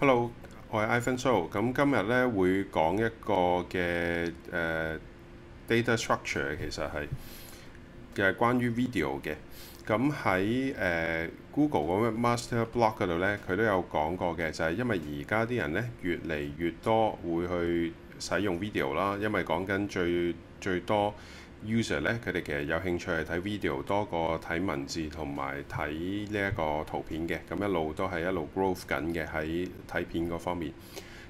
Hello，我係 Ivan So。咁今日咧會講一個嘅誒、呃、data structure，其實係嘅關於 video 嘅。咁喺誒 Google 嗰個 master blog 嗰度咧，佢都有講過嘅，就係、是、因為而家啲人咧越嚟越多會去使用 video 啦，因為講緊最最多。user 咧，佢哋其實有興趣係睇 video 多過睇文字同埋睇呢一個圖片嘅，咁一路都係一路 growth 緊嘅喺睇片嗰方面。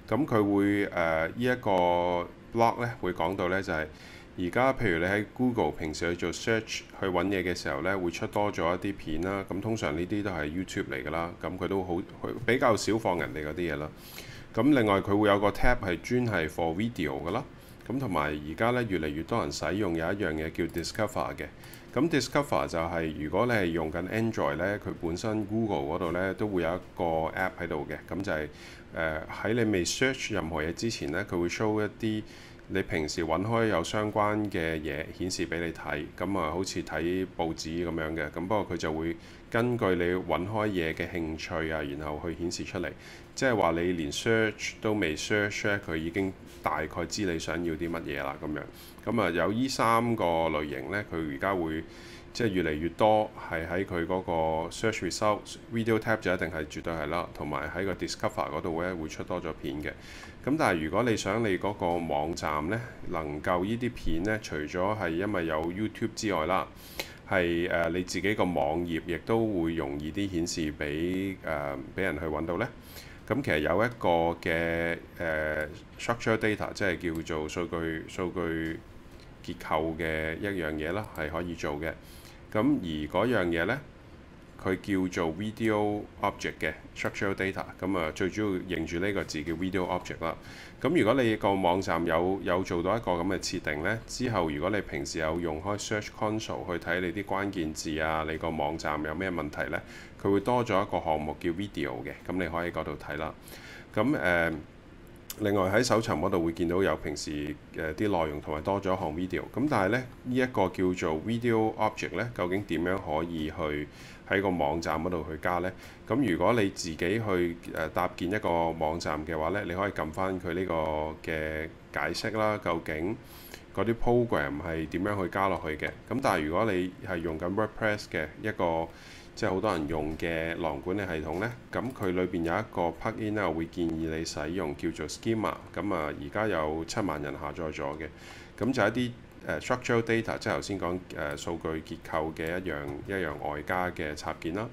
咁佢會誒呢一個 blog 咧，會講到咧就係而家，譬如你喺 Google 平時去做 search 去揾嘢嘅時候咧，會出多咗一啲片啦。咁通常呢啲都係 YouTube 嚟㗎啦，咁佢都好，佢比較少放人哋嗰啲嘢啦。咁另外佢會有個 tab 係專係 for video 㗎啦。咁同埋而家咧越嚟越多人使用有一樣嘢叫 Discover 嘅，咁 Discover 就係如果你係用緊 Android 咧，佢本身 Google 嗰度咧都會有一個 App 喺度嘅，咁就係誒喺你未 search 任何嘢之前咧，佢會 show 一啲。你平時揾開有相關嘅嘢顯示俾你睇，咁啊好似睇報紙咁樣嘅，咁不過佢就會根據你揾開嘢嘅興趣啊，然後去顯示出嚟，即係話你連 search 都未 search，佢已經大概知你想要啲乜嘢啦咁樣。咁啊有依三個類型呢，佢而家會即係越嚟越多，係喺佢嗰個 search result video tab 就一定係絕對係啦，同埋喺個 discover 嗰度咧會出多咗片嘅。咁但係如果你想你嗰個網站咧能夠呢啲片咧，除咗係因為有 YouTube 之外啦，係誒、呃、你自己個網頁亦都會容易啲顯示俾誒俾人去揾到咧。咁、嗯、其實有一個嘅誒、呃、structure data，即係叫做數據數據結構嘅一樣嘢啦，係可以做嘅。咁、嗯、而嗰樣嘢咧。佢叫做 video object 嘅 structural data，咁啊最主要認住呢個字叫 video object 啦。咁如果你個網站有有做到一個咁嘅設定呢，之後如果你平時有用開 search console 去睇你啲關鍵字啊，你個網站有咩問題呢？佢會多咗一個項目叫 video 嘅，咁你可以嗰度睇啦。咁、嗯、誒。呃另外喺搜尋嗰度會見到有平時誒啲內容同埋多咗一項 video，咁但係咧呢一個叫做 video object 咧，究竟點樣可以去喺個網站嗰度去加呢？咁如果你自己去誒、呃、搭建一個網站嘅話咧，你可以撳翻佢呢個嘅解釋啦，究竟。嗰啲 program 係點樣去加落去嘅？咁但係如果你係用緊 WordPress 嘅一個即係好多人用嘅狼管理系統呢，咁佢裏邊有一個 plugin 咧，會建議你使用叫做 Schema。咁啊，而家有七萬人下載咗嘅。咁就一啲、呃、structural data，即係頭先講誒數據結構嘅一樣一樣外加嘅插件啦。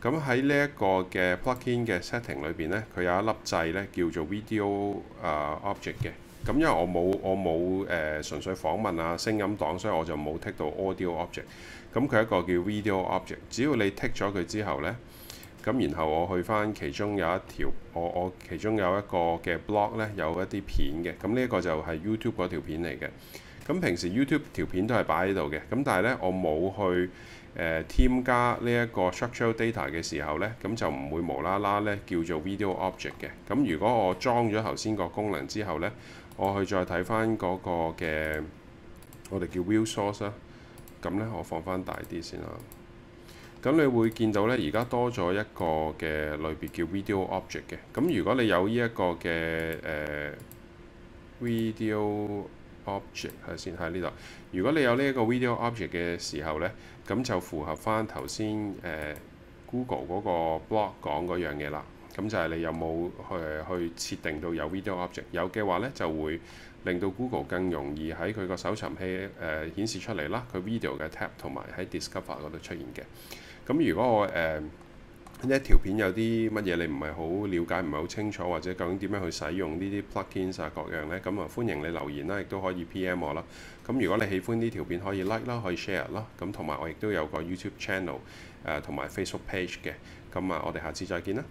咁喺呢一個嘅 plugin 嘅 setting 裏邊呢，佢有一粒掣呢，叫做 video、呃、object 嘅。咁因為我冇我冇誒、呃、純粹訪問啊聲音檔，所以我就冇剔到 audio object。咁佢一個叫 video object。只要你剔咗佢之後呢，咁然後我去返其中有一條，我我其中有一個嘅 blog 呢，有一啲片嘅。咁呢一個就係 YouTube 嗰條片嚟嘅。咁平時 YouTube 條片都係擺喺度嘅。咁但係呢，我冇去誒、呃、添加呢一個 structural data 嘅時候呢，咁就唔會無啦啦呢叫做 video object 嘅。咁如果我裝咗頭先個功能之後呢。我去再睇翻嗰個嘅，我哋叫 view source 啦。咁咧，我放翻大啲先啦。咁你會見到咧，而家多咗一個嘅類別叫 video object 嘅。咁如果你有呢一個嘅誒、呃、video object 睇先喺呢度。如果你有呢一個 video object 嘅時候咧，咁就符合翻頭先誒 Google 嗰個 blog 講嗰樣嘢啦。咁就係你有冇誒去，去設定到有 video object？有嘅話呢，就會令到 Google 更容易喺佢個搜尋器誒、呃、顯示出嚟啦。佢 video 嘅 tab 同埋喺 Discover 度出現嘅。咁如果我誒一、呃、條片有啲乜嘢你唔係好了解、唔係好清楚，或者究竟點樣去使用呢啲 plugins 啊各樣呢？咁啊歡迎你留言啦，亦都可以 PM 我啦。咁如果你喜歡呢條片，可以 like 啦，可以 share 啦。咁同埋我亦都有個 YouTube channel 誒、呃、同埋 Facebook page 嘅。咁啊，我哋下次再見啦。